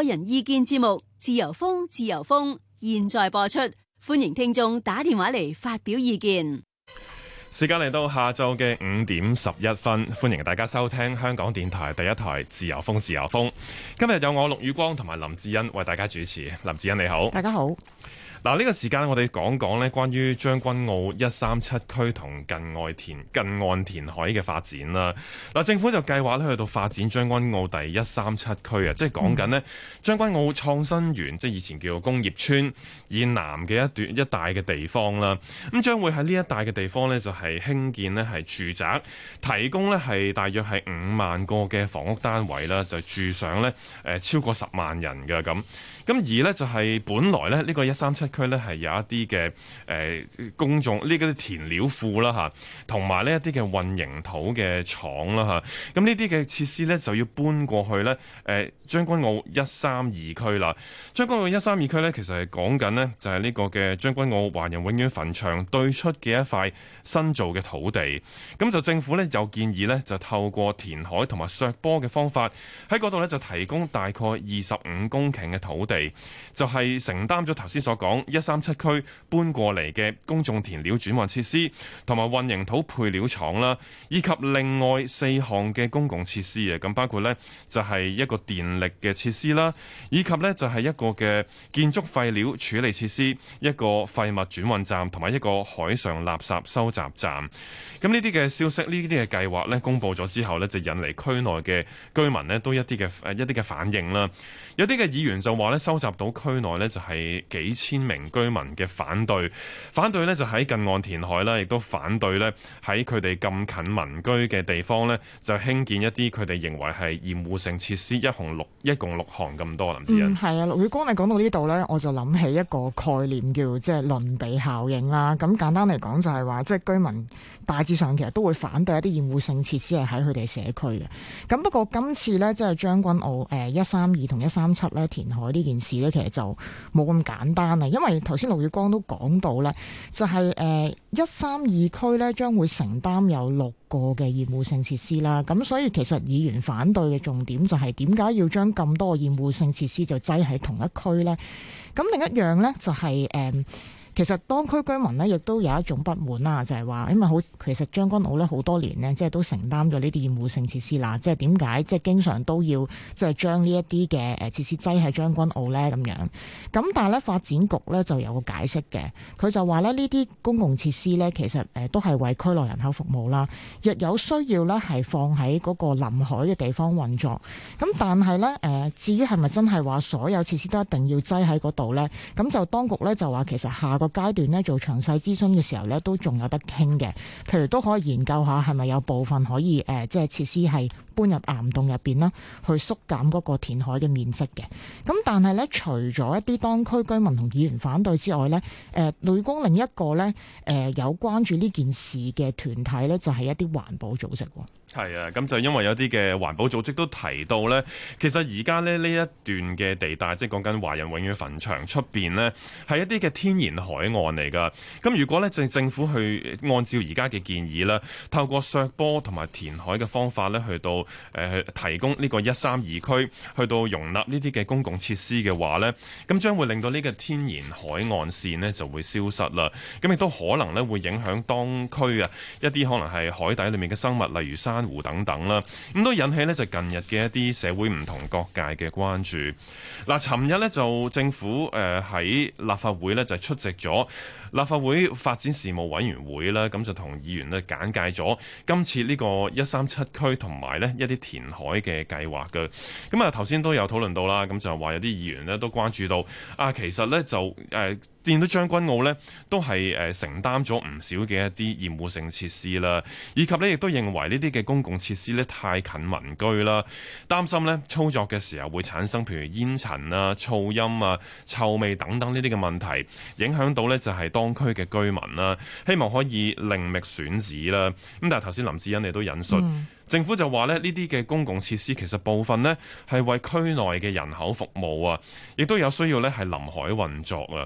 個人意見節目《自由風》，自由風，現在播出，歡迎聽眾打電話嚟發表意見。時間嚟到下晝嘅五點十一分，歡迎大家收聽香港電台第一台《自由風》，自由風。今日有我陸宇光同埋林志欣為大家主持。林志欣你好，大家好。嗱，呢個時間我哋講講呢，關於將軍澳一三七區同近岸填近岸填海嘅發展啦。嗱，政府就計劃咧去到發展將軍澳第一三七區啊，即係講緊呢將軍澳創新園，即係以前叫做工業村以南嘅一段一帶嘅地方啦。咁將會喺呢一帶嘅地方呢，就係興建呢係住宅，提供呢係大約係五萬個嘅房屋單位啦，就住上呢誒超過十萬人嘅咁。咁而咧就係本來咧呢個一三七區咧係有一啲嘅誒公眾呢啲填料庫啦吓，同埋呢一啲嘅混凝土嘅廠啦吓，咁呢啲嘅設施咧就要搬過去咧誒將軍澳一三二區啦。將軍澳一三二區咧其實係講緊咧就係呢個嘅將軍澳華人永遠墳場對出嘅一塊新造嘅土地。咁就政府咧就建議咧就透過填海同埋削波嘅方法喺嗰度咧就提供大概二十五公頃嘅土地。就係承擔咗頭先所講一三七區搬過嚟嘅公眾填料轉運設施，同埋混凝土配料廠啦，以及另外四項嘅公共設施啊，咁包括咧就係一個電力嘅設施啦，以及咧就係一個嘅建築廢料處理設施，一個廢物轉運站，同埋一個海上垃圾收集站。咁呢啲嘅消息，呢啲嘅計劃咧公布咗之後咧，就引嚟區內嘅居民咧都一啲嘅誒一啲嘅反應啦。有啲嘅議員就話咧。收集到區內呢就係幾千名居民嘅反對，反對呢就喺近岸填海啦，亦都反對呢喺佢哋咁近民居嘅地方呢就興建一啲佢哋認為係厭惡性設施，一共六一共六項咁多。林志恩、嗯，係啊，陸宇光，你講到呢度呢，我就諗起一個概念叫即係鄰避效應啦。咁簡單嚟講就係話，即係居民大致上其實都會反對一啲厭惡性設施係喺佢哋社區嘅。咁不過今次呢，即係將軍澳誒一三二同一三七呢填海呢件件事咧，其實就冇咁簡單啊，因為頭先盧月光都講到咧，就係誒一三二區咧將會承擔有六個嘅業務性設施啦，咁所以其實議員反對嘅重點就係點解要將咁多業務性設施就擠喺同一區呢？咁另一樣呢，就係、是、誒。呃其實當區居民咧，亦都有一種不滿啊，就係話，因為好其實將軍澳咧好多年呢，即係都承擔咗呢啲厭惡性設施啦。即係點解即係經常都要即係將呢一啲嘅誒設施擠喺將軍澳咧咁樣？咁但係咧發展局咧就有個解釋嘅，佢就話咧呢啲公共設施咧，其實誒都係為區內人口服務啦。若有需要咧，係放喺嗰個臨海嘅地方運作。咁但係咧誒，至於係咪真係話所有設施都一定要擠喺嗰度咧？咁就當局咧就話其實下個階段咧做詳細諮詢嘅時候咧，都仲有得傾嘅。譬如都可以研究下，係咪有部分可以誒、呃，即係設施係搬入岩洞入邊啦，去縮減嗰個填海嘅面積嘅。咁但係咧，除咗一啲當區居民同議員反對之外咧，誒女工另一個咧誒有關注呢件事嘅團體咧，就係、是、一啲環保組織。係啊，咁就因為有啲嘅環保組織都提到呢。其實而家呢呢一段嘅地帶，即係講緊華人永遠墳場出邊呢，係一啲嘅天然海岸嚟噶。咁如果呢、就是、政府去按照而家嘅建議啦，透過削波同埋填海嘅方法呢，去到誒、呃、提供呢個一三二區，去到容納呢啲嘅公共設施嘅話呢，咁將會令到呢個天然海岸線呢就會消失啦。咁亦都可能呢會影響當區啊一啲可能係海底裏面嘅生物，例如珊瑚湖等等啦，咁都引起呢就近日嘅一啲社會唔同各界嘅關注。嗱，尋日呢就政府誒，喺立法會呢就出席咗立法會發展事務委員會啦，咁就同議員呢簡介咗今次呢個一三七區同埋呢一啲填海嘅計劃嘅。咁啊頭先都有討論到啦，咁就話有啲議員呢都關注到啊，其實呢就誒。呃見到將軍澳呢，都係誒承擔咗唔少嘅一啲厭惡性設施啦，以及呢亦都認為呢啲嘅公共設施呢太近民居啦，擔心呢操作嘅時候會產生譬如煙塵啊、噪音啊、臭味等等呢啲嘅問題，影響到呢就係當區嘅居民啦，希望可以另覓選址啦。咁但係頭先林志欣你都引述。嗯政府就話咧，呢啲嘅公共設施其實部分咧係為區內嘅人口服務啊，亦都有需要咧係臨海運作啊。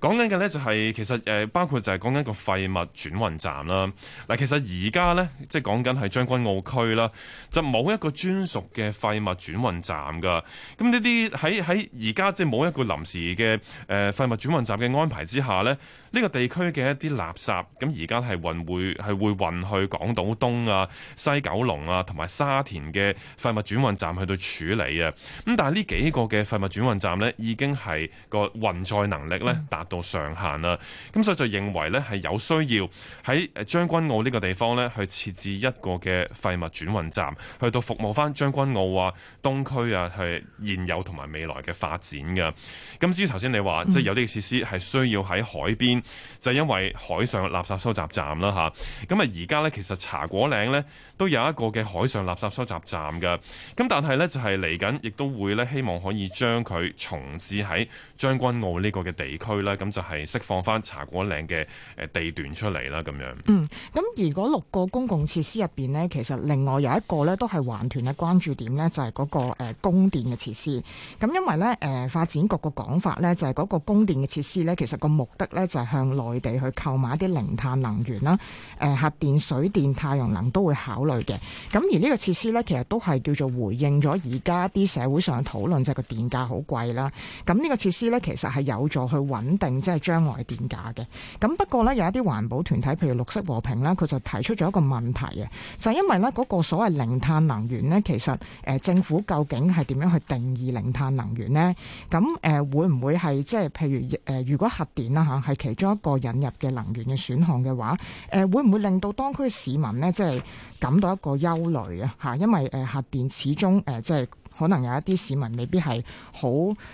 講緊嘅咧就係，是，其實誒包括就係講緊個廢物轉運站啦。嗱，其實而家咧即係講緊係將軍澳區啦，就冇一個專屬嘅廢物轉運站噶。咁呢啲喺喺而家即係冇一個臨時嘅誒、呃、廢物轉運站嘅安排之下咧，呢、這個地區嘅一啲垃圾咁而家係運會係會運去港島東啊、西九龍。啊，同埋沙田嘅廢物轉運站去到處理啊，咁但係呢幾個嘅廢物轉運站咧，已經係個運載能力咧達到上限啦，咁所以就認為咧係有需要喺將軍澳呢個地方咧去設置一個嘅廢物轉運站，去到服務翻將軍澳啊、東區啊係現有同埋未來嘅發展嘅。咁至於頭先你話即係有啲設施係需要喺海邊，就因為海上垃圾收集站啦吓，咁啊而家咧其實茶果嶺咧都有一個。嘅海上垃圾收集站嘅，咁但係咧就係嚟緊，亦都會咧希望可以將佢重置喺將軍澳呢個嘅地區啦，咁就係釋放翻茶果嶺嘅誒地段出嚟啦，咁樣。嗯，咁如果六個公共設施入邊咧，其實另外有一個咧都係環團嘅關注點咧，就係、是、嗰個誒供電嘅設施。咁因為咧誒、呃、發展局嘅講法咧，就係嗰個供電嘅設施咧，其實個目的咧就係向內地去購買一啲零碳能源啦，誒、呃、核電、水電、太陽能都會考慮嘅。咁而呢個設施咧，其實都係叫做回應咗而家啲社會上嘅討論，即係個電價好貴啦。咁、這、呢個設施咧，其實係有助去穩定即係將來電價嘅。咁不過咧，有一啲環保團體譬如綠色和平呢，佢就提出咗一個問題嘅，就係、是、因為咧，嗰個所謂零碳能源咧，其實誒政府究竟係點樣去定義零碳能源咧？咁誒會唔會係即係譬如誒如果核電啦吓係其中一個引入嘅能源嘅選項嘅話誒會唔會令到當區市民咧即係感到一個。憂？憂慮啊，吓，因為誒、呃、核電始終誒、呃、即係可能有一啲市民未必係好，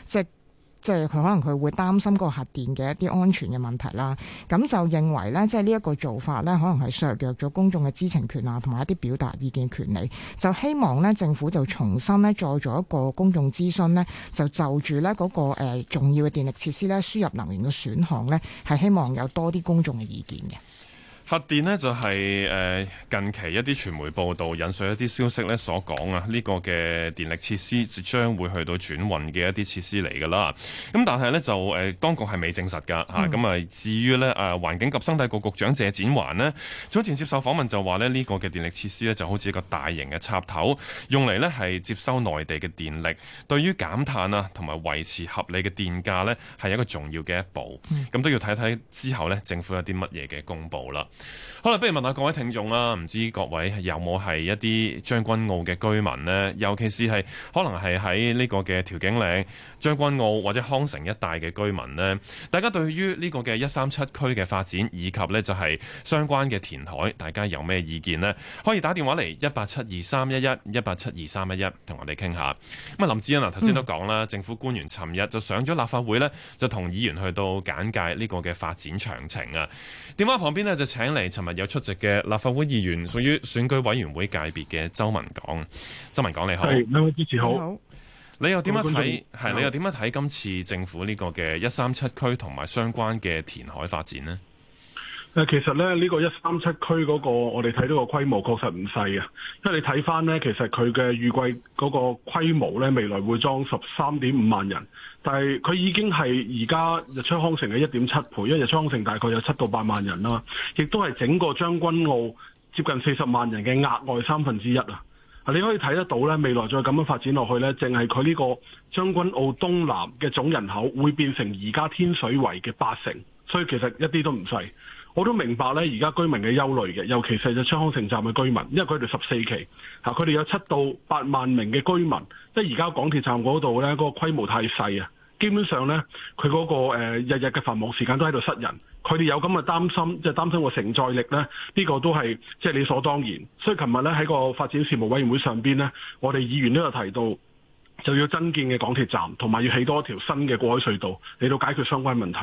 即係即係佢可能佢會擔心嗰個核電嘅一啲安全嘅問題啦。咁就認為咧，即係呢一個做法咧，可能係削弱咗公眾嘅知情權啊，同埋一啲表達意見嘅權利。就希望咧，政府就重新咧再做一個公眾諮詢咧，就就住咧嗰個誒、呃、重要嘅電力設施咧輸入能源嘅選項咧，係希望有多啲公眾嘅意見嘅。核電呢，就係近期一啲傳媒報道引述一啲消息咧，所講啊，呢個嘅電力設施就將會去到轉運嘅一啲設施嚟㗎啦。咁但係呢，就誒當局係未證實㗎吓。咁啊，至於呢，誒環境及生態局局長謝展環呢，早前接受訪問就話呢，呢個嘅電力設施呢就好似一個大型嘅插頭，用嚟呢係接收內地嘅電力，對於減碳啊同埋維持合理嘅電價呢，係一個重要嘅一步。咁都要睇睇之後呢，政府有啲乜嘢嘅公佈啦。好啦，不如問下各位聽眾啦，唔知各位有冇係一啲將軍澳嘅居民呢？尤其是係可能係喺呢個嘅調景嶺、將軍澳或者康城一帶嘅居民呢？大家對於呢個嘅一三七區嘅發展以及呢就係相關嘅填海，大家有咩意見呢？可以打電話嚟，一八七二三一一一八七二三一一，同我哋傾下。咁啊，林志恩啊，頭先都講啦，嗯、政府官員尋日就上咗立法會呢就同議員去到簡介呢個嘅發展詳情啊。電話旁邊呢，就請。嚟，尋日有出席嘅立法會議員，屬於選舉委員會界別嘅周文港。周文港你好，Hello. 你好，主持好。你又點樣睇？係你又點樣睇今次政府呢個嘅一三七區同埋相關嘅填海發展呢？誒，其實咧，呢個一三七區嗰個，我哋睇到個規模確實唔細啊。因為你睇翻呢，其實佢嘅預計嗰個規模呢，未來會裝十三點五萬人，但係佢已經係而家日出康城嘅一點七倍，因為日出康城大概有七到八萬人啦，亦都係整個將軍澳接近四十萬人嘅額外三分之一啊。你可以睇得到呢，未來再咁樣發展落去呢，淨係佢呢個將軍澳東南嘅總人口會變成而家天水圍嘅八成，所以其實一啲都唔細。我都明白咧，而家居民嘅憂慮嘅，尤其是喺昌康城站嘅居民，因為佢哋十四期佢哋有七到八萬名嘅居民，即係而家港鐵站嗰度咧，嗰個規模太細啊！基本上咧，佢嗰個誒日日嘅繁忙時間都喺度塞人，佢哋有咁嘅擔心，即係擔心個承載力咧，呢個都係即係理所當然。所以琴日咧喺個發展事務委員會上邊咧，我哋議員都有提到，就要增建嘅港鐵站，同埋要起多一條新嘅過海隧道，嚟到解決相關問題。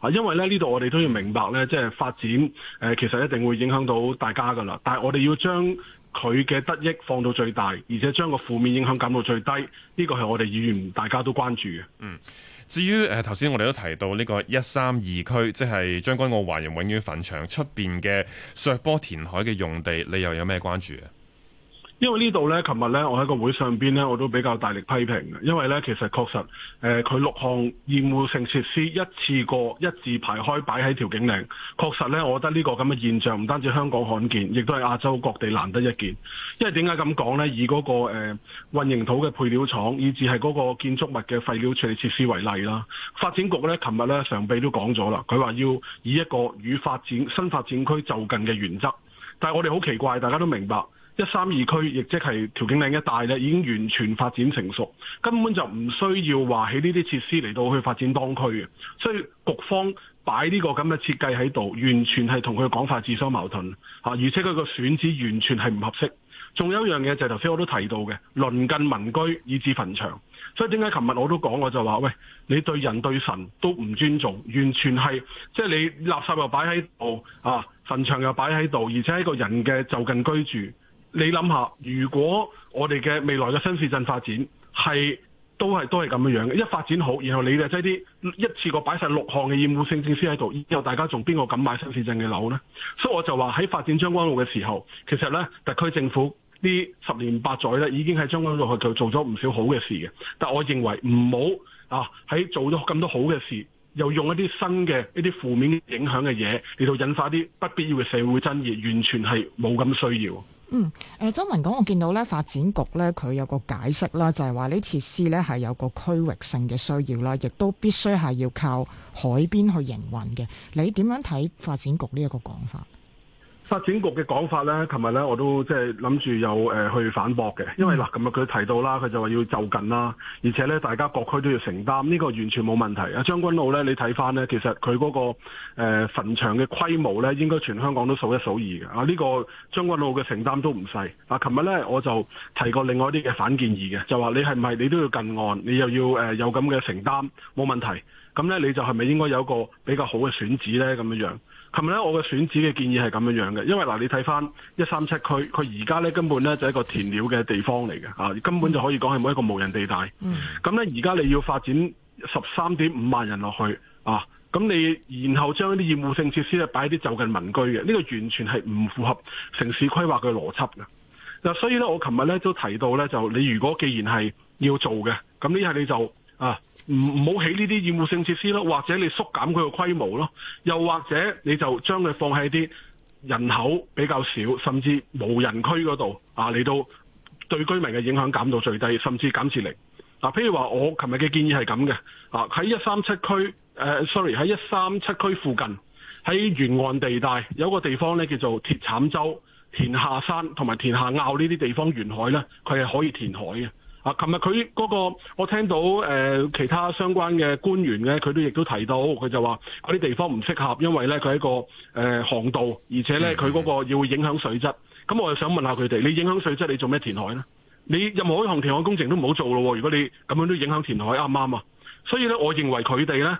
啊，因為咧呢度我哋都要明白呢即係發展誒、呃，其實一定會影響到大家噶啦。但係我哋要將佢嘅得益放到最大，而且將個負面影響減到最低，呢個係我哋議員大家都關注嘅。嗯，至於誒頭先我哋都提到呢個一三二區，即係將軍澳華人永遠墳場出邊嘅削坡填海嘅用地，你又有咩關注啊？因為呢度呢，琴日呢，我喺個會上邊呢，我都比較大力批評嘅。因為呢，其實確實，誒、呃，佢六項厭惡性設施一次過一字排開擺喺條景嶺。確實呢，我覺得呢個咁嘅現象唔單止香港罕見，亦都係亞洲各地難得一見。因為點解咁講呢？以嗰、那個誒混凝土嘅配料廠，以至係嗰個建築物嘅廢料處理設施為例啦。發展局呢，琴日呢，常秘都講咗啦，佢話要以一個與發展新發展區就近嘅原則。但係我哋好奇怪，大家都明白。一三二區，亦即係調景嶺一帶咧，已經完全發展成熟，根本就唔需要話起呢啲設施嚟到去發展當區嘅，所以局方擺呢個咁嘅設計喺度，完全係同佢講法自相矛盾啊，而且佢個選址完全係唔合適，仲有一樣嘢就係頭先我都提到嘅鄰近民居以至墳場，所以點解琴日我都講我就話喂，你對人對神都唔尊重，完全係即係你垃圾又擺喺度啊，墳場又擺喺度，而且喺個人嘅就近居住。你諗下，如果我哋嘅未來嘅新市鎮發展係都係都係咁樣嘅，一發展好，然後你哋即係啲一次過擺晒六項嘅厭惡性設施喺度，然後大家仲邊個敢買新市鎮嘅樓呢？所以我就話喺發展將軍澳嘅時候，其實呢特區政府呢十年八載呢已經喺將軍澳去做咗唔少好嘅事嘅。但我認為唔好啊，喺做咗咁多好嘅事，又用一啲新嘅一啲負面影響嘅嘢嚟到引發啲不必要嘅社會爭議，完全係冇咁需要。嗯，誒周文港，我見到咧發展局咧佢有個解釋啦，就係話呢設施咧係有個區域性嘅需要啦，亦都必須係要靠海邊去營運嘅。你點樣睇發展局呢一個講法？發展局嘅講法呢，琴日呢我都即係諗住有誒去反駁嘅，因為嗱，琴日佢提到啦，佢就話要就近啦，而且呢大家各區都要承擔，呢、這個完全冇問題。啊，將軍澳呢，你睇翻呢，其實佢嗰、那個誒、呃、墳場嘅規模呢，應該全香港都數一數二嘅。啊，呢個將軍澳嘅承擔都唔細。啊，琴日呢，我就提過另外一啲嘅反建議嘅，就話你係唔係你都要近岸，你又要誒有咁嘅承擔，冇問題。咁呢，你就係咪應該有一個比較好嘅選址呢？咁樣樣。琴日咧，我嘅選址嘅建議係咁樣嘅，因為嗱，你睇翻一三七區，佢而家咧根本咧就係一個填料嘅地方嚟嘅，根本就可以講係冇一個無人地帶。咁咧、嗯，而家你要發展十三點五萬人落去，啊，咁你然後將啲業務性設施咧擺喺啲就近民居嘅，呢、這個完全係唔符合城市規劃嘅邏輯嘅。嗱，所以咧，我琴日咧都提到咧，就你如果既然係要做嘅，咁呢下你就啊。唔唔好起呢啲厭惡性設施咯，或者你縮減佢個規模咯，又或者你就將佢放喺啲人口比較少，甚至無人區嗰度啊，嚟到對居民嘅影響減到最低，甚至減設零、啊。譬如話我琴日嘅建議係咁嘅啊，喺一三七區，誒、uh，sorry，喺一三七區附近，喺沿岸地帶有個地方咧叫做鐵篸洲、田下山同埋田下坳呢啲地方沿海咧，佢係可以填海嘅。啊！琴日佢嗰個，我聽到誒、呃、其他相關嘅官員咧，佢都亦都提到，佢就話嗰啲地方唔適合，因為咧佢係一個誒航、呃、道，而且咧佢嗰個要影響水質。咁我又想問下佢哋，你影響水質，你做咩填海咧？你任何一項填海工程都唔好做咯、哦。如果你咁樣都影響填海，啱唔啱啊？所以咧，我認為佢哋咧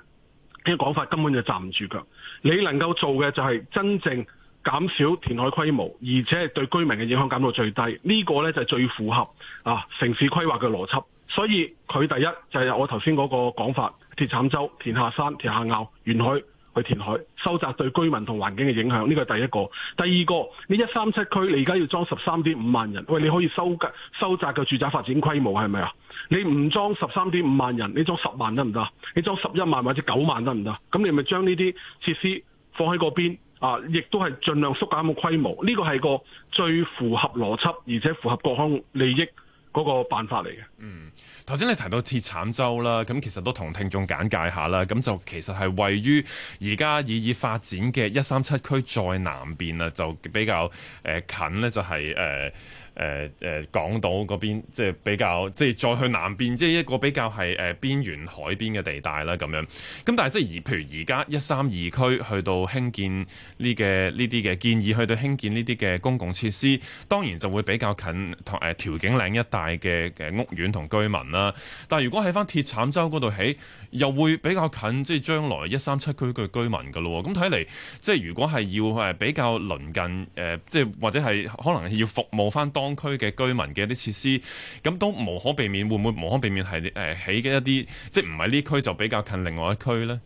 個講法根本就站唔住腳。你能夠做嘅就係真正，減少填海規模，而且係對居民嘅影響減到最低，呢、這個呢，就係最符合啊城市規劃嘅邏輯。所以佢第一就係、是、我頭先嗰個講法：，鐵鏟洲、田下山、田下坳、沿海去填海，收窄對居民同環境嘅影響。呢、這個第一個，第二個，你一三七區你而家要裝十三點五萬人，喂，你可以收收窄個住宅發展規模係咪啊？你唔裝十三點五萬人，你裝十萬得唔得？你裝十一萬或者九萬得唔得？咁你咪將呢啲設施放喺嗰邊。啊！亦都係盡量縮減個規模，呢個係個最符合邏輯，而且符合國康利益嗰個辦法嚟嘅。嗯，頭先你提到鐵篸洲啦，咁其實都同聽眾簡介下啦。咁就其實係位於而家已已發展嘅一三七區再南邊啦，就比較、呃、近呢，就係、是、誒。呃誒誒、呃、港島那邊即係比較即係再去南邊即係一個比較係誒、呃、邊緣海邊嘅地帶啦，咁樣咁但係即係而譬如而家一三二區去到興建呢嘅呢啲嘅建議去到興建呢啲嘅公共設施，當然就會比較近同誒調景嶺一帶嘅嘅屋苑同居民啦。但係如果喺翻鐵鏟洲度起，又會比較近即係將來一三七區嘅居民噶咯。咁睇嚟，即係如果係要誒比較鄰近誒、呃、即係或者係可能要服務翻當。區嘅居民嘅一啲設施，咁都無可避免，會唔會無可避免係誒、呃、起嘅一啲，即係唔係呢區就比較近另外一區呢？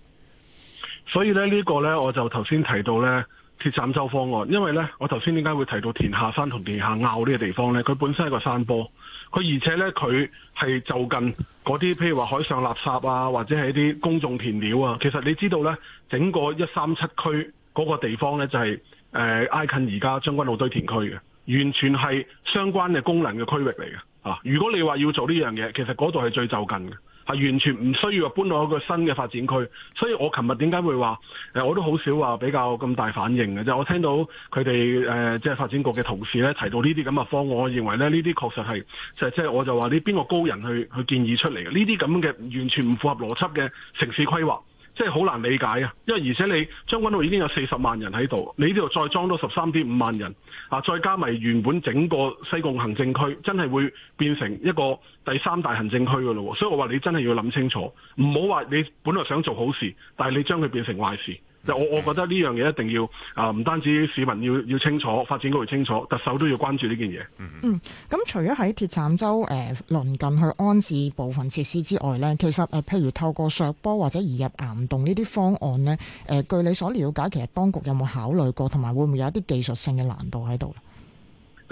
所以咧呢個呢，我就頭先提到呢鐵站洲方案，因為呢，我頭先點解會提到田下山同田下坳呢個地方呢？佢本身係個山坡，佢而且呢，佢係就近嗰啲，譬如話海上垃圾啊，或者係一啲公眾填料啊。其實你知道呢，整個一三七區嗰個地方呢，就係誒挨近而家將軍澳堆填區嘅。完全係相關嘅功能嘅區域嚟嘅嚇。如果你話要做呢樣嘢，其實嗰度係最就近嘅，係完全唔需要搬到一個新嘅發展區。所以我琴日點解會話誒，我都好少話比較咁大反應嘅啫。就是、我聽到佢哋誒即係發展局嘅同事咧提到呢啲咁嘅方案，我認為咧呢啲確實係就即、係、係我就話呢邊個高人去去建議出嚟嘅呢啲咁嘅完全唔符合邏輯嘅城市規劃。即係好難理解啊！因為而且你將軍澳已經有四十萬人喺度，你呢度再裝多十三點五萬人啊，再加埋原本整個西貢行政區，真係會變成一個第三大行政區㗎咯。所以我話你真係要諗清楚，唔好話你本來想做好事，但係你將佢變成壞事。就我，我覺得呢樣嘢一定要啊，唔、呃、單止市民要要清楚，發展局要清楚，特首都要關注呢件嘢。嗯，咁除咗喺鐵篸洲誒、呃、鄰近去安置部分設施之外呢，其實、呃、譬如透過削坡或者移入岩洞呢啲方案呢，誒、呃、據你所了解，其實當局有冇考慮過，同埋會唔會有一啲技術性嘅難度喺度？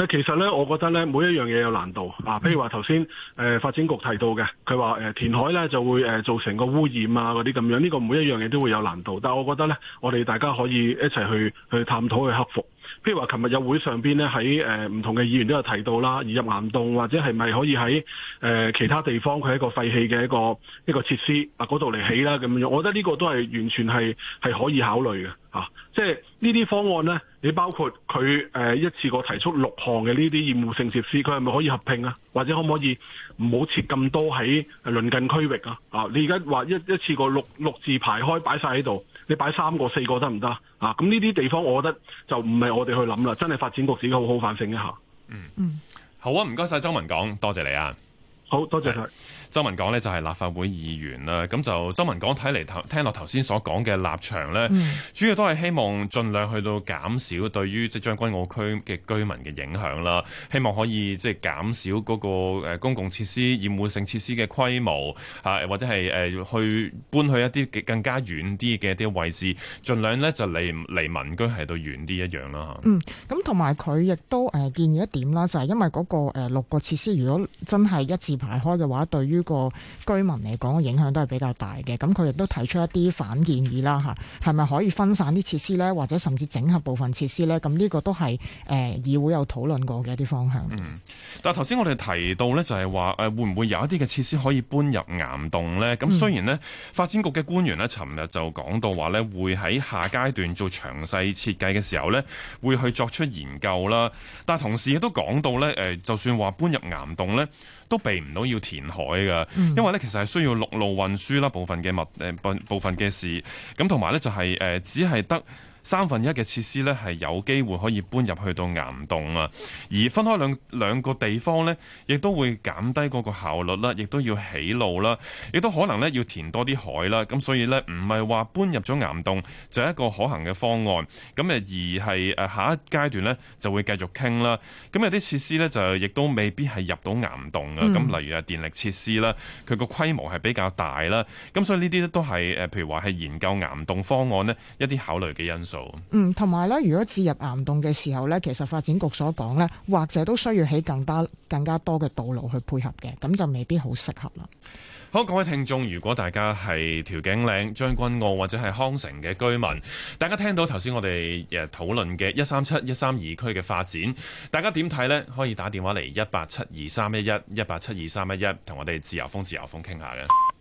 其實咧，我覺得咧，每一樣嘢有難度啊。譬如話頭先，誒發展局提到嘅，佢話誒填海咧就會誒造成個污染啊嗰啲咁樣。呢個每一樣嘢都會有難度，但係我覺得咧，我哋大家可以一齊去去探討去克服。譬如話，琴日有會上邊咧，喺誒唔同嘅議員都有提到啦，移入岩洞或者係咪可以喺誒其他地方佢一個廢棄嘅一個一個設施啊嗰度嚟起啦咁樣，我覺得呢個都係完全係係可以考慮嘅。啊，即係呢啲方案咧，你包括佢誒一次過提出六項嘅呢啲厭惡性設施，佢係咪可以合併啊？或者可唔可以唔好設咁多喺鄰近區域啊？啊，你而家話一一次過六六字排開擺晒喺度？你擺三個、四個得唔得啊？咁呢啲地方，我覺得就唔係我哋去諗啦，真係發展局自己好好反省一下。嗯嗯，好啊，唔該晒。周文港，多謝你啊，好多謝佢。周文港咧就係立法會議員啦，咁就周文港睇嚟頭聽落頭先所講嘅立場咧，嗯、主要都係希望盡量去到減少對於即將軍澳區嘅居民嘅影響啦，希望可以即係減少嗰個誒公共設施、厭惡性設施嘅規模，啊或者係誒去搬去一啲更加遠啲嘅一啲位置，盡量咧就離離民居係到遠啲一樣啦吓嗯，咁同埋佢亦都誒建議一點啦，就係因為嗰個誒六個設施如果真係一字排開嘅話對於。呢個居民嚟講嘅影響都係比較大嘅，咁佢亦都提出一啲反建議啦，嚇，係咪可以分散啲設施呢？或者甚至整合部分設施呢？咁、這、呢個都係誒、呃、議會有討論過嘅一啲方向。嗯，但係頭先我哋提到呢，就係話誒會唔會有一啲嘅設施可以搬入岩洞呢？咁雖然呢、嗯、發展局嘅官員呢尋日就講到話呢，會喺下階段做詳細設計嘅時候呢，會去作出研究啦。但同時亦都講到呢，誒就算話搬入岩洞呢。都避唔到要填海㗎，因為咧其實係需要陸路運輸啦，部分嘅物誒、呃，部分嘅事，咁同埋咧就係、是、誒、呃，只係得。三分一嘅設施咧係有機會可以搬入去到岩洞啊，而分開兩兩個地方咧，亦都會減低嗰個效率啦，亦都要起路啦，亦都可能咧要填多啲海啦。咁所以咧唔係話搬入咗岩洞就係一個可行嘅方案，咁誒而係誒下一階段咧就會繼續傾啦。咁有啲設施咧就亦都未必係入到岩洞啊，咁、嗯、例如啊電力設施啦，佢個規模係比較大啦。咁所以呢啲都係誒譬如話係研究岩洞方案咧一啲考慮嘅因素。嗯，同埋咧，如果置入岩洞嘅時候咧，其實發展局所講咧，或者都需要起更加，更加多嘅道路去配合嘅，咁就未必好適合啦。好，各位聽眾，如果大家係調景嶺、將軍澳或者係康城嘅居民，大家聽到頭先我哋誒討論嘅一三七、一三二區嘅發展，大家點睇呢？可以打電話嚟，一八七二三一一、一八七二三一一，同我哋自由風、自由風傾下嘅。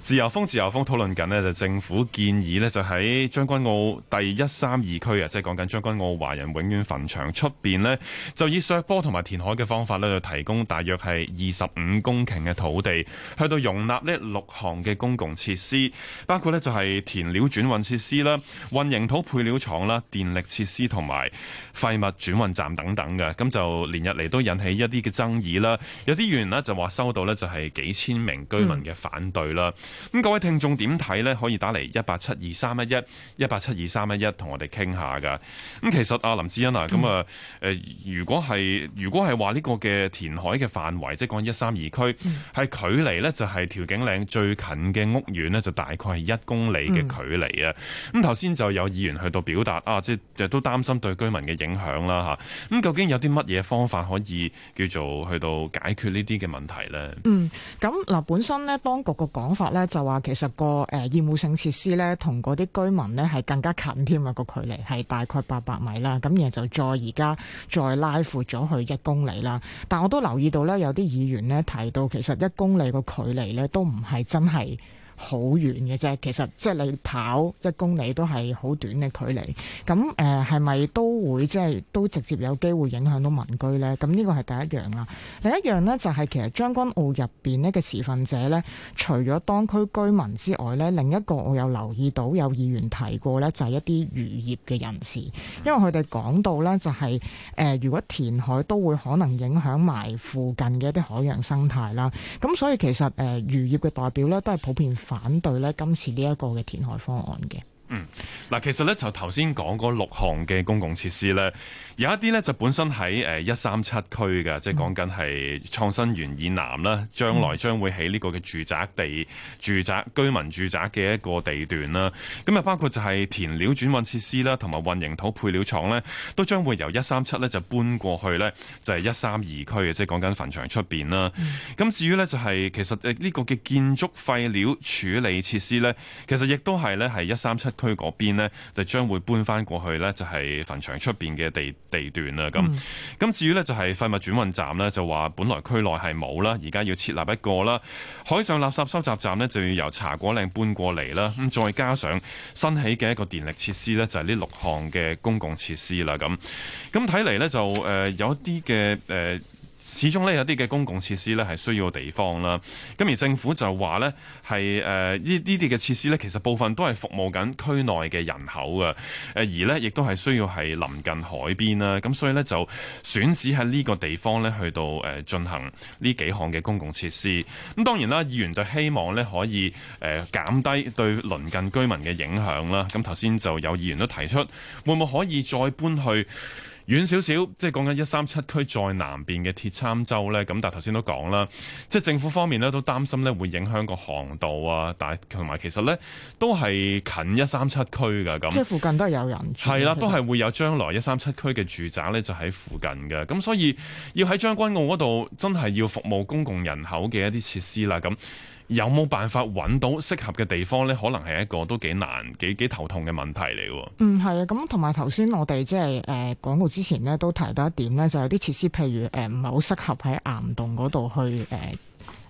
自由風，自由風討論緊咧，就政府建議咧，就喺將軍澳第一三二區啊，即係講緊將軍澳華人永遠墳場出邊咧，面就以削坡同埋填海嘅方法咧，就提供大約係二十五公頃嘅土地，去到容納呢六項嘅公共設施，包括呢就係填料轉運設施啦、運營土配料廠啦、電力設施同埋廢物轉運站等等嘅。咁就連日嚟都引起一啲嘅爭議啦，有啲議員咧就話收到呢就係幾千名居民嘅反對啦。嗯咁各位聽眾點睇呢？可以打嚟一八七二三一一一八七二三一一同我哋傾下㗎。咁其實啊，林志恩啊，咁啊、嗯、如果係如果係話呢個嘅填海嘅範圍，即係講一三二區，係、嗯、距離呢，就係調景嶺最近嘅屋苑呢，就大概係一公里嘅距離啊。咁頭先就有議員去到表達啊，即係都擔心對居民嘅影響啦咁、啊、究竟有啲乜嘢方法可以叫做去到解決呢啲嘅問題呢？嗯，咁嗱，本身呢，當局嘅講法呢咧就話其實個誒厭惡性設施咧，同嗰啲居民咧係更加近添啊，個距離係大概八百米啦，咁而就再而家再拉闊咗去一公里啦。但我都留意到咧，有啲議員咧提到，其實一公里個距離咧都唔係真係。好遠嘅啫，其實即係你跑一公里都係好短嘅距離。咁誒，係咪都會即係都直接有機會影響到民居呢？咁呢個係第一樣啦。另一樣呢，就係其實將軍澳入邊呢嘅持份者呢，除咗當區居民之外呢，另一個我有留意到有議員提過呢，就係一啲漁業嘅人士，因為佢哋講到呢，就係誒，如果填海都會可能影響埋附近嘅一啲海洋生態啦。咁所以其實誒漁業嘅代表呢，都係普遍。反對咧今次呢一個嘅填海方案嘅。嗯，嗱，其實咧就頭先講嗰六項嘅公共設施咧，有一啲咧就本身喺誒一三七區嘅，嗯、即係講緊係創新園以南啦，將來將會喺呢個嘅住宅地、住宅居民住宅嘅一個地段啦。咁啊，包括就係填料轉運設施啦，同埋混凝土配料廠咧，都將會由一三七咧就搬過去咧，就係一三二區，即係講緊墳場出邊啦。咁至於咧就係、是、其實誒呢個嘅建築廢料處理設施咧，其實亦都係咧係一三七，區嗰邊呢，就將會搬翻過去呢，就係、是、墳場出邊嘅地地段啦。咁咁、嗯、至於呢，就係廢物轉運站呢，就話本來區內係冇啦，而家要設立一個啦。海上垃圾收集站呢，就要由茶果嶺搬過嚟啦。咁再加上新起嘅一個電力設施呢，就係、是、呢六項嘅公共設施啦。咁咁睇嚟呢，就誒、呃、有一啲嘅誒。呃始終呢，有啲嘅公共設施呢係需要地方啦，咁而政府就話呢係誒呢呢啲嘅設施呢，其實部分都係服務緊區內嘅人口嘅，誒而呢亦都係需要係臨近海邊啦，咁所以呢，就選址喺呢個地方呢去到誒進行呢幾項嘅公共設施。咁當然啦，議員就希望呢可以誒減低對鄰近居民嘅影響啦。咁頭先就有議員都提出，會唔會可以再搬去，遠少少，即係講緊一三七區再南邊嘅鐵參洲呢。咁但係頭先都講啦，即係政府方面都擔心呢會影響個航道啊，但係同埋其實呢，都係近一三七區噶，咁即係附近都係有人住，係啦，都係會有將來一三七區嘅住宅呢。就喺附近嘅，咁所以要喺將軍澳嗰度真係要服務公共人口嘅一啲設施啦，咁。有冇辦法揾到適合嘅地方咧？可能係一個都幾難、幾幾頭痛嘅問題嚟。嗯，係啊。咁同埋頭先，我哋即係誒廣告之前咧，都提到一點咧，就是、有啲設施譬如誒唔係好適合喺岩洞嗰度去誒。呃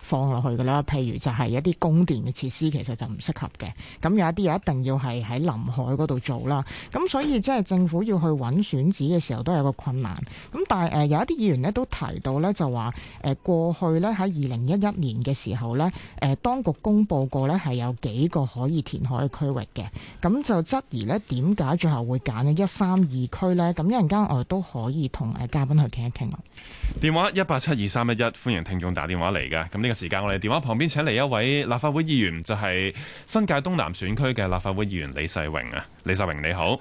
放落去嘅啦，譬如就係一啲供電嘅設施，其實就唔適合嘅。咁有一啲又一定要係喺臨海嗰度做啦。咁所以即係政府要去揾選址嘅時候，都有個困難，咁但係誒、呃、有一啲議員咧都提到咧，就話誒過去咧喺二零一一年嘅時候咧，誒當局公布過咧係有幾個可以填海嘅區域嘅。咁就質疑咧點解最後會揀一三二區咧？咁一陣間我哋都可以同誒嘉賓去傾一傾，電話一八七二三一一，11，歡迎聽眾打電話嚟嘅。咁呢、這個時間我哋電話旁邊請嚟一位立法會議員，就係、是、新界東南選區嘅立法會議員李世榮啊，李世榮你好，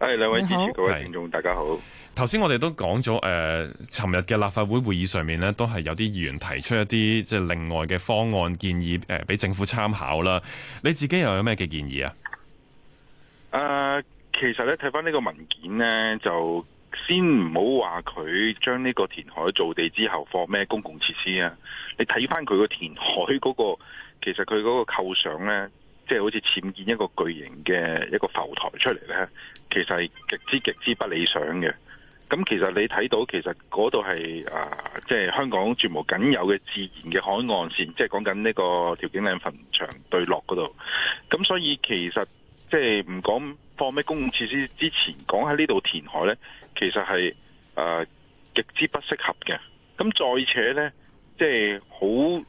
係兩位支持好各位聽眾大家好。頭先我哋都講咗誒，尋、呃、日嘅立法會會議上面呢，都係有啲議員提出一啲即係另外嘅方案建議誒，俾、呃、政府參考啦。你自己又有咩嘅建議啊？誒、呃，其實咧睇翻呢看這個文件呢，就。先唔好話佢將呢個填海造地之後放咩公共設施啊，你睇翻佢個填海嗰個，其實佢嗰個構想呢，即係好似僭建一個巨型嘅一個浮台出嚟呢，其實係極之極之不理想嘅。咁其實你睇到，其實嗰度係即係香港絕無僅有嘅自然嘅海岸線，即係講緊呢個條調景嶺墳場對落嗰度。咁所以其實即係唔講。放咩公共設施之前，講喺呢度填海呢，其實係誒極之不適合嘅。咁再且呢很，即係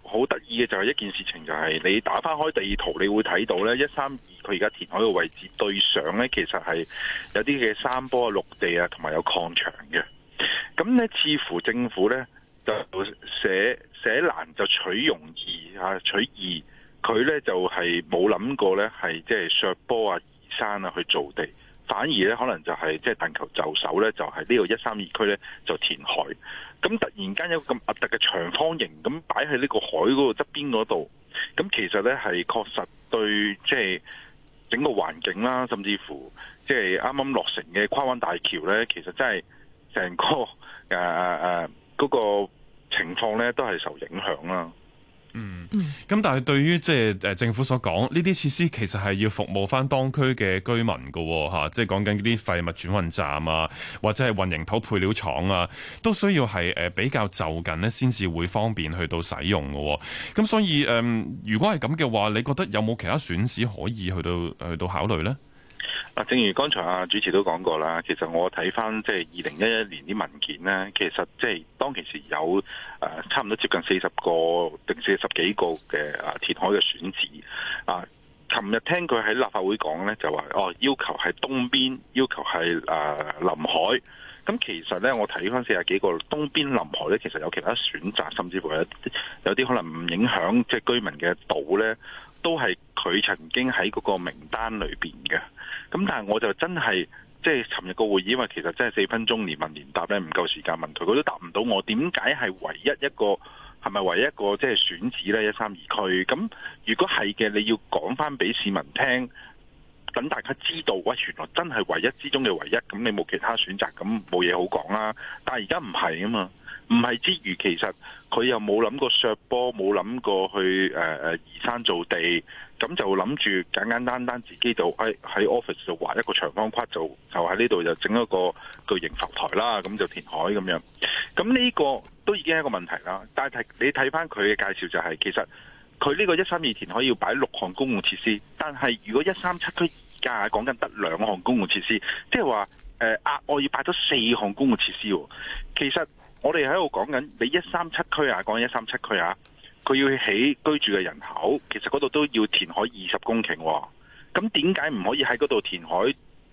好好得意嘅就係一件事情，就係你打翻開地圖，你會睇到呢一三二佢而家填海嘅位置對上呢，其實係有啲嘅山坡啊、陸地啊，同埋有礦場嘅。咁呢，似乎政府呢就寫寫難就取容易啊，取易佢呢就係冇諗過呢係即係削波啊。山啊去做地，反而咧可能就係即係但求就手咧，就係呢個一三二區咧就填海。咁突然間有咁核突嘅長方形，咁擺喺呢個海嗰個側邊嗰度，咁其實咧係確實對即係整個環境啦，甚至乎即係啱啱落成嘅跨灣大橋咧，其實真係成個誒誒誒嗰個情況咧都係受影響啦。嗯，咁但係對於即係誒政府所講呢啲設施，其實係要服務翻當區嘅居民噶吓，啊，即係講緊啲廢物轉運站啊，或者係混凝土配料廠啊，都需要係誒、呃、比較就近呢先至會方便去到使用噶。咁、啊、所以誒、呃，如果係咁嘅話，你覺得有冇其他選址可以去到去到考慮咧？正如剛才啊，主持都講過啦，其實我睇翻即係二零一一年啲文件呢，其實即係當其時有誒，差唔多接近四十個定四十幾個嘅啊填海嘅選址啊。琴日聽佢喺立法會講呢，就話哦，要求係東邊，要求係誒臨海。咁其實呢，我睇翻四十幾個東邊臨海呢，其實有其他選擇，甚至乎有啲可能唔影響即係居民嘅島呢。都係佢曾經喺嗰個名單裏邊嘅，咁但係我就真係即係尋日個會議，因為其實真係四分鐘連問連答咧，唔夠時間問佢，佢都答唔到我。點解係唯一一個？係咪唯一一個即係選址咧？一三二區咁，如果係嘅，你要講翻俾市民聽，等大家知道，喂，原來真係唯一之中嘅唯一，咁你冇其他選擇，咁冇嘢好講啦。但係而家唔係啊嘛。唔係之餘，其實佢又冇諗過削波，冇諗過去誒誒、呃、移山造地，咁就諗住簡簡單單自己就喺喺 office 度畫一個長方框，就就喺呢度就整一個巨型浮台啦，咁就填海咁樣。咁呢個都已經係一個問題啦。但係你睇翻佢嘅介紹就係、是，其實佢呢個一三二填海要擺六項公共設施，但係如果一三七區而家講緊得兩項公共設施，即係話誒額外要擺咗四項公共設施喎，其實我哋喺度講緊，你一三七區啊，講緊一三七區啊，佢要起居住嘅人口，其實嗰度都要填海二十公頃喎、啊。咁點解唔可以喺嗰度填海，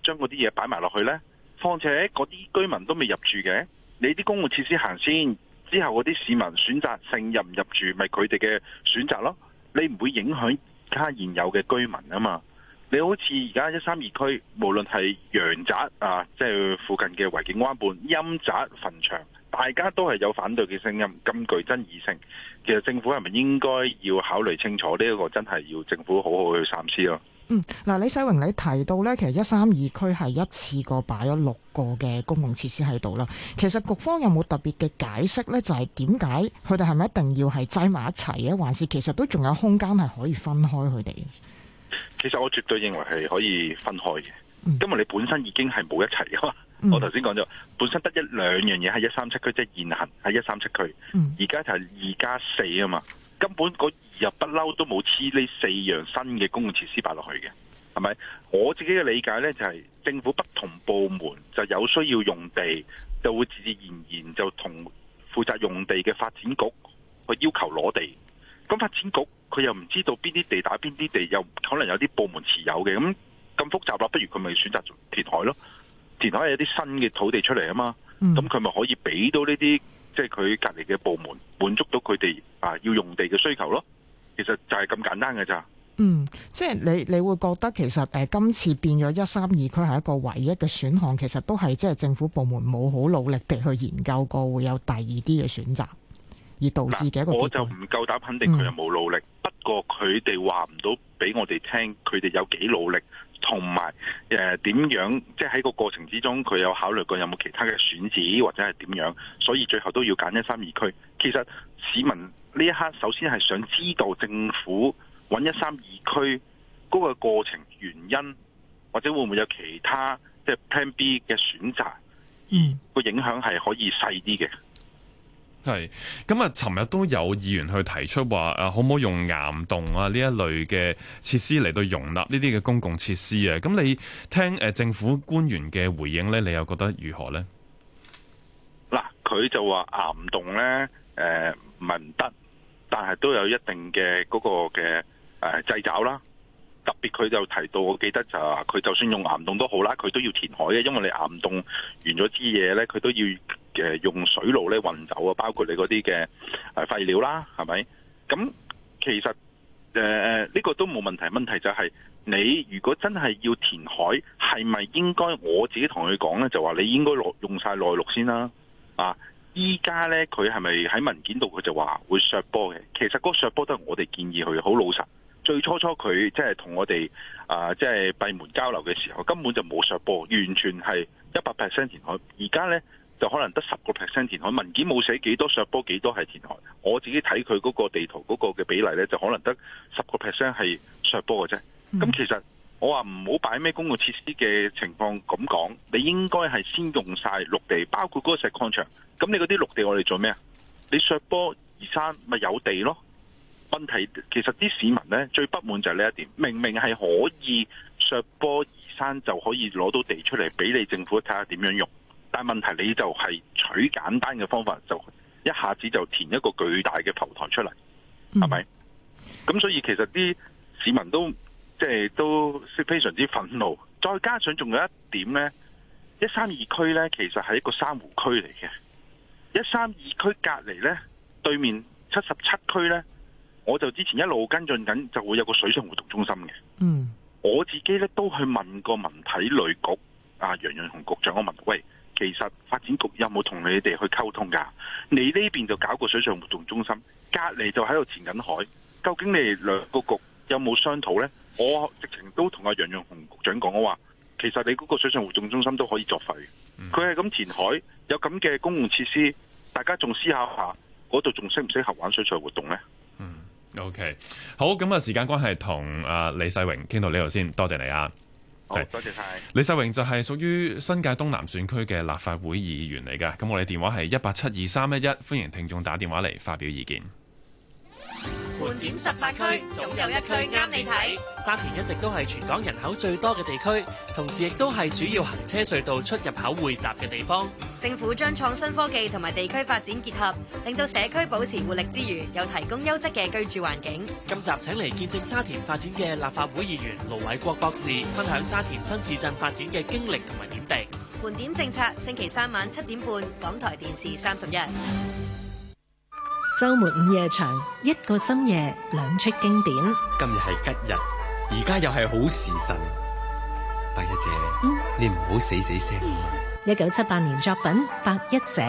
將嗰啲嘢擺埋落去呢？況且嗰啲居民都未入住嘅，你啲公共設施行先，之後嗰啲市民選擇性入唔入住，咪佢哋嘅選擇咯。你唔會影響而家現有嘅居民啊嘛？你好似而家一三二區，無論係陽宅啊，即、就、係、是、附近嘅維景灣畔、陰宅墳場。墓墓大家都係有反對嘅聲音，咁具爭議性，其實政府係咪應該要考慮清楚呢，一個真係要政府好好去三思咯。嗯，嗱，李世榮你提到呢，其實一三二區係一次過擺咗六個嘅公共設施喺度啦。其實局方有冇特別嘅解釋呢？就係點解佢哋係咪一定要係擠埋一齊嘅，還是其實都仲有空間係可以分開佢哋？其實我絕對認為係可以分開嘅，因為你本身已經係冇一齊我頭先講咗，mm. 本身得一兩樣嘢喺一三七區，即係現行喺一三七區。而家、mm. 就係二加四啊嘛，根本嗰二又不嬲都冇黐呢四樣新嘅公共設施擺落去嘅，係咪？我自己嘅理解呢，就係政府不同部門就有需要用地，就會自自然然就同負責用地嘅發展局去要求攞地。咁發展局佢又唔知道邊啲地打邊啲地，又可能有啲部門持有嘅，咁咁複雜啦，不如佢咪選擇填海咯。填海有啲新嘅土地出嚟啊嘛，咁佢咪可以俾到呢啲，即係佢隔籬嘅部門滿足到佢哋啊要用地嘅需求咯。其實就係咁簡單嘅咋。嗯，即係你你會覺得其實誒、呃、今次變咗一三二區係一個唯一嘅選項，其實都係即係政府部門冇好努力地去研究過會有第二啲嘅選擇，而導致嘅一個結果。嗯、我就唔夠膽肯定佢有冇努力，嗯、不過佢哋話唔到俾我哋聽，佢哋有幾努力。同埋誒點樣，即係喺個過程之中，佢有考慮過有冇其他嘅選址或者係點樣，所以最後都要揀一三二區。其實市民呢一刻首先係想知道政府揾一三二區嗰個過程原因，或者會唔會有其他即係 plan B 嘅選擇，嗯，個影響係可以細啲嘅。係咁啊！尋日、嗯、都有議員去提出話：誒、啊，好可唔可以用岩洞啊？呢一類嘅設施嚟到容納呢啲嘅公共設施啊？咁你聽、啊、政府官員嘅回應咧，你又覺得如何咧？嗱，佢就話岩洞咧，誒唔係唔得，但係都有一定嘅嗰個嘅誒掣肘啦。特別佢就提到，我記得就話佢就算用岩洞都好啦，佢都要填海啊，因為你岩洞完咗支嘢咧，佢都要。嘅用水路咧運走啊，包括你嗰啲嘅廢料啦，係咪？咁其實誒呢、呃呢個都冇問題，問題就係、係、你如果真係要填海，係咪應該我自己同佢講咧？就話你應該落用晒內陸先啦、啊。啊，依家咧佢係咪喺文件度佢就話會削波嘅？其實嗰削波都係我哋建議佢好老實。最初初佢即係同我哋啊，即、就、係、係、閉門交流嘅時候根本就冇削波，完全係一百 percent 填海。而家咧。就可能得十個 percent 填海，文件冇寫幾多削波幾多係填海。我自己睇佢嗰個地圖嗰個嘅比例咧，就可能得十個 percent 係削波嘅啫。咁、嗯、其實我話唔好擺咩公共設施嘅情況，咁講你應該係先用晒陸地，包括嗰個嗰石礦場，咁你嗰啲陸地我哋做咩啊？你削波移山咪有地咯？問題其實啲市民咧最不滿就係呢一點，明明係可以削波移山就可以攞到地出嚟俾你政府睇下點樣用。但問題，你就係取簡單嘅方法，就一下子就填一個巨大嘅浮台出嚟，係咪、嗯？咁所以其實啲市民都即係、就是、都非常之憤怒。再加上仲有一點呢，一三二區呢，其實係一個珊瑚區嚟嘅。一三二區隔籬呢，對面七十七區呢，我就之前一路跟進緊，就會有個水上活動中心嘅。嗯，我自己呢，都去問過文體旅局阿楊潤雄局長，我問喂。其實發展局有冇同你哋去溝通噶？你呢邊就搞個水上活動中心，隔籬就喺度填緊海，究竟你哋兩個局有冇商討呢？我直情都同阿楊潤雄局長講，我話其實你嗰個水上活動中心都可以作廢，佢係咁填海，有咁嘅公共設施，大家仲思考一下，嗰度仲適唔適合玩水上活動呢？嗯，OK，好，咁啊，時間關係，同阿李世榮傾到呢度先，多謝你啊！多謝晒。李世榮就係屬於新界東南選區嘅立法會議員嚟㗎，咁我哋電話係一八七二三一一，歡迎聽眾打電話嚟發表意見。盤點十八區，總有一區啱你睇。沙田一直都係全港人口最多嘅地區，同時亦都係主要行車隧道出入口匯集嘅地方。政府將創新科技同埋地區發展結合，令到社區保持活力之餘，又提供優質嘅居住環境。今集請嚟見證沙田發展嘅立法會議員盧偉國博士，分享沙田新市鎮發展嘅經歷同埋點滴。盤點政策，星期三晚七點半，港台電視三十一。周末午夜場，一個深夜兩出經典。今日係吉日，而家又係好時辰。八一姐，你唔好死死聲。一九七八年作品《八一姐》，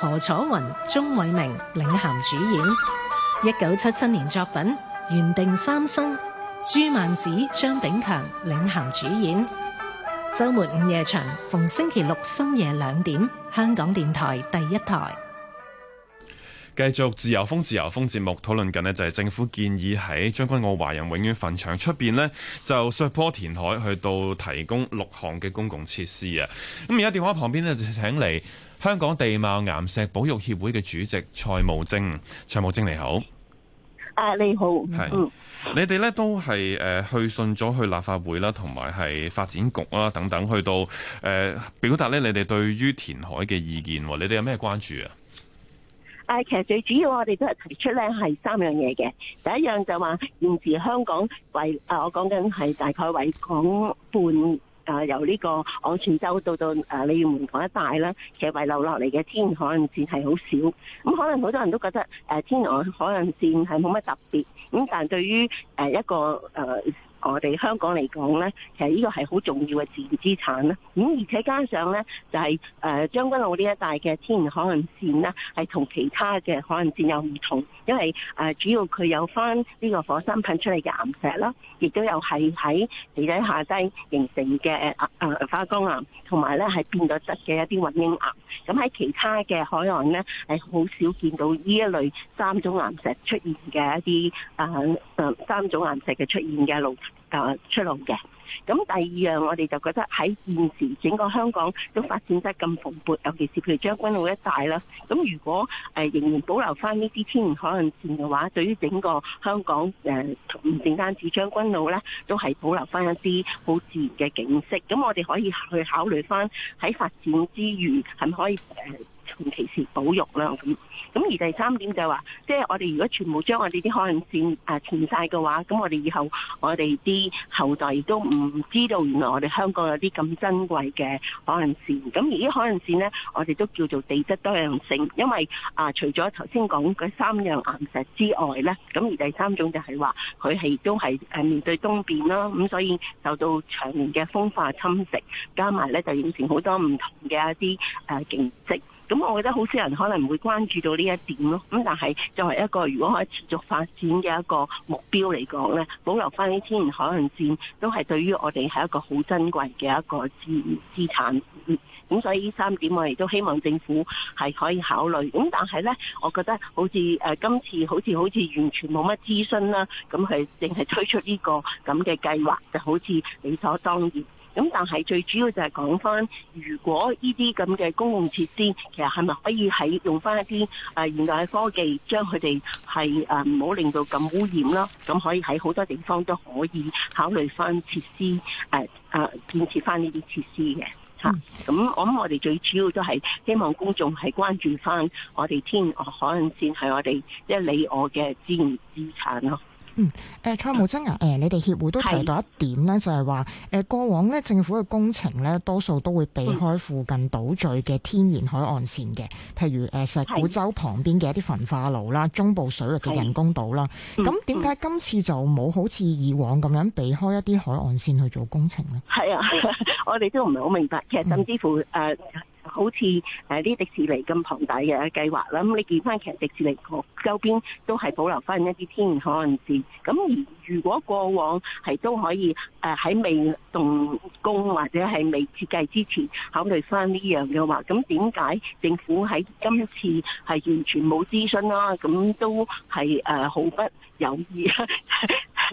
何楚雲、鍾偉明領銜主演。一九七七年作品《緣定三生》，朱曼子、張炳強領銜主演。周末午夜場，逢星期六深夜兩點，香港電台第一台。繼續自由風自由風節目，討論緊呢就係政府建議喺將軍澳華人永遠墳場出邊呢就削坡填海，去到提供六項嘅公共設施啊！咁而家電話旁邊呢，就請嚟，香港地貌岩石保育協會嘅主席蔡慕貞，蔡慕貞你好。啊你好。係、嗯，你哋呢都係誒、呃、去信咗去立法會啦，同埋係發展局啦等等，去到誒、呃、表達呢你哋對於填海嘅意見，你哋有咩關注啊？其實最主要我哋都係提出咧，係三樣嘢嘅。第一樣就話現時香港為我講緊係大概為港半、呃、由呢個昂船洲到到誒鯉魚門港一帶啦。其實遺留落嚟嘅天然海岸線係好少。咁、嗯、可能好多人都覺得誒、呃、天然海岸線係冇乜特別。咁、嗯、但係對於、呃、一個誒。呃我哋香港嚟講咧，其實呢個係好重要嘅自然資產啦。咁、嗯、而且加上咧，就係、是、誒、呃、將軍澳呢一帶嘅天然海岸線呢，係同其他嘅海岸線有唔同，因為誒、呃、主要佢有翻呢個火山噴出嚟嘅岩石啦，亦都有係喺地下底下低形成嘅誒誒花崗岩，同埋咧係變咗質嘅一啲雲英岩。咁喺其他嘅海岸咧，係好少見到呢一類三種岩石出現嘅一啲誒、呃、三種岩石嘅出現嘅路。出路嘅，咁第二樣我哋就覺得，喺現時整個香港都發展得咁蓬勃，尤其是譬如將軍澳一帶啦。咁如果仍然保留翻呢啲天然海岸線嘅話，對於整個香港誒唔淨單止將軍澳咧，都係保留翻一啲好自然嘅景色。咁我哋可以去考慮翻喺發展之餘，係咪可以從歧視保育啦咁。咁而第三點就係話，即係我哋如果全部將我哋啲海岸線啊填晒嘅話，咁我哋以後我哋啲後代都唔知道原來我哋香港有啲咁珍貴嘅海岸線。咁而啲海岸線呢，我哋都叫做地質多樣性，因為啊，除咗頭先講嗰三樣岩石之外呢，咁而第三種就係話佢係都係面對東邊啦，咁所以受到長年嘅風化侵蝕，加埋呢就形成好多唔同嘅一啲誒景色。咁我覺得好少人可能會關注到呢一點咯。咁但係作為一個如果可以持續發展嘅一個目標嚟講咧，保留翻呢天然海岸線都係對於我哋係一個好珍貴嘅一個資資產。咁所以呢三點我哋都希望政府係可以考慮。咁但係咧，我覺得好似誒今次好似好似完全冇乜諮詢啦，咁佢淨係推出呢個咁嘅計劃就好似理所當然。咁但係最主要就係講翻，如果呢啲咁嘅公共設施，其實係咪可以喺用翻一啲誒現代科技，將佢哋係誒唔好令到咁污染囉，咁可以喺好多地方都可以考慮翻設施，誒誒建設翻呢啲設施嘅吓。咁我諗我哋最主要都係希望公眾係關注翻我哋天然海岸線係我哋即係你我嘅資源資產咯。嗯，誒，蔡慕貞啊，誒、嗯，你哋協會都提到一點咧，就係話，誒，過往咧政府嘅工程咧，多數都會避開附近島嶼嘅天然海岸線嘅，譬如誒石鼓洲旁邊嘅一啲焚化爐啦，中部水域嘅人工島啦，咁點解今次就冇好似以往咁樣避開一啲海岸線去做工程咧？係啊，係啊，我哋都唔係好明白，其實甚至乎誒。嗯好似誒啲迪士尼咁龐大嘅計劃啦，咁你見翻其實迪士尼個周邊都係保留翻一啲天然海岸線。咁而如果過往係都可以誒喺未動工或者係未設計之前考慮翻呢樣嘅話，咁點解政府喺今次係完全冇諮詢啦？咁都係誒毫不猶豫。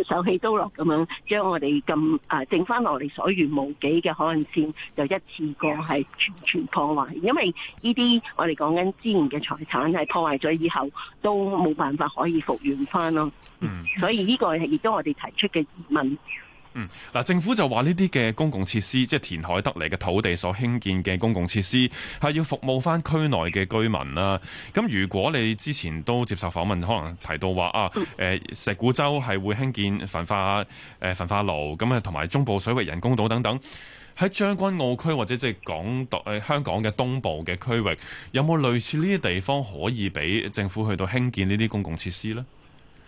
手起刀落咁樣，將我哋咁啊，剩、呃、翻落嚟所餘無幾嘅可能性，就一次過係全全破壞。因為呢啲我哋講緊資源嘅財產係破壞咗，以後都冇辦法可以復原翻咯。嗯，所以呢個亦都我哋提出嘅疑問。嗯，嗱，政府就話呢啲嘅公共設施，即係填海得嚟嘅土地所興建嘅公共設施，係要服務翻區內嘅居民啦、啊。咁如果你之前都接受訪問，可能提到話啊，誒石鼓洲係會興建焚化誒、呃、焚化爐，咁啊同埋中部水域人工島等等，喺將軍澳區或者即係港東誒、呃、香港嘅東部嘅區域，有冇類似呢啲地方可以俾政府去到興建呢啲公共設施呢？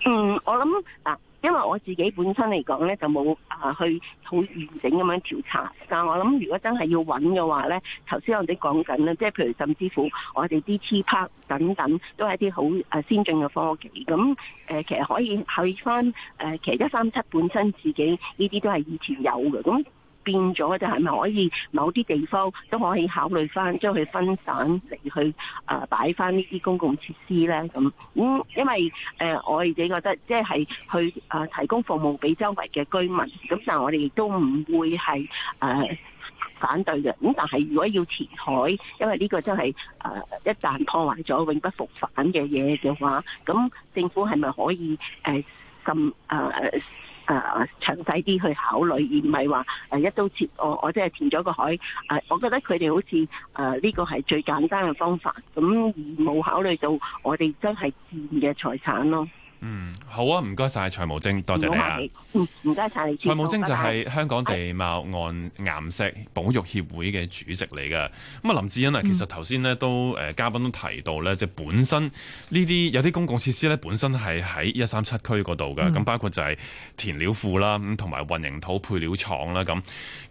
嗯，我諗嗱。因為我自己本身嚟講咧，就冇啊去好完整咁樣調查。但係我諗，如果真係要揾嘅話咧，頭先我哋講緊啦，即係譬如甚至乎我哋啲 T-Park、等等，都係一啲好先進嘅科技。咁、呃、其實可以去翻、呃、其實一三七本身自己呢啲都係以前有嘅咁。變咗就係咪可以某啲地方都可以考慮翻，將佢分散嚟去啊擺翻呢啲公共設施咧？咁、嗯、咁因為誒我自己覺得，即係去啊提供服務俾周圍嘅居民，咁就我哋亦都唔會係誒、呃、反對嘅。咁但係如果要填海，因為呢個真係誒一旦破壞咗永不復返嘅嘢嘅話，咁政府係咪可以誒咁誒？呃誒，詳細啲去考慮，而唔係話誒一刀切。我我即係填咗個海。誒，我覺得佢哋好似誒呢個係最簡單嘅方法。咁而冇考慮到我哋真係自然嘅財產咯。嗯，好啊，唔該晒蔡慕貞，多謝你啊。嗯，唔該晒你。蔡慕貞就係香港地貌岸岩石保育協會嘅主席嚟㗎。咁啊，林志恩啊，其實頭先呢都誒嘉賓都提到咧，即係本身呢啲有啲公共設施咧，本身係喺一三七區嗰度㗎。咁、嗯、包括就係填料庫啦，咁同埋混凝土配料廠啦，咁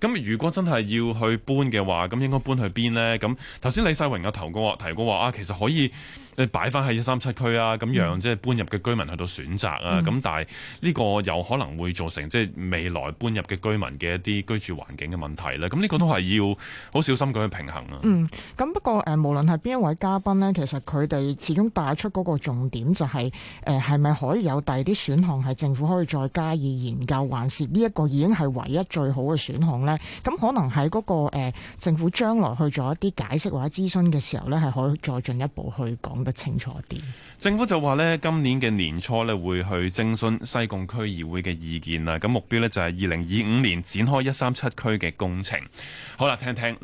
咁如果真係要去搬嘅話，咁應該搬去邊呢？咁頭先李世榮有提過提過話啊，其實可以。你擺翻喺一三七區啊，咁樣即係搬入嘅居民去到選擇啊，咁、嗯、但係呢個有可能會造成即係未來搬入嘅居民嘅一啲居住環境嘅問題咧，咁呢個都係要好小心咁去平衡啊。嗯，咁不過誒、呃，無論係邊一位嘉賓呢，其實佢哋始終帶出嗰個重點就係誒係咪可以有第二啲選項係政府可以再加以研究，還是呢一個已經係唯一最好嘅選項呢？咁可能喺嗰、那個、呃、政府將來去做一啲解釋或者諮詢嘅時候呢，係可以再進一步去講。不清楚啲，政府就話咧今年嘅年初咧會去徵詢西貢區議會嘅意見啦，咁目標咧就係二零二五年展開一三七區嘅工程。好啦，聽聽。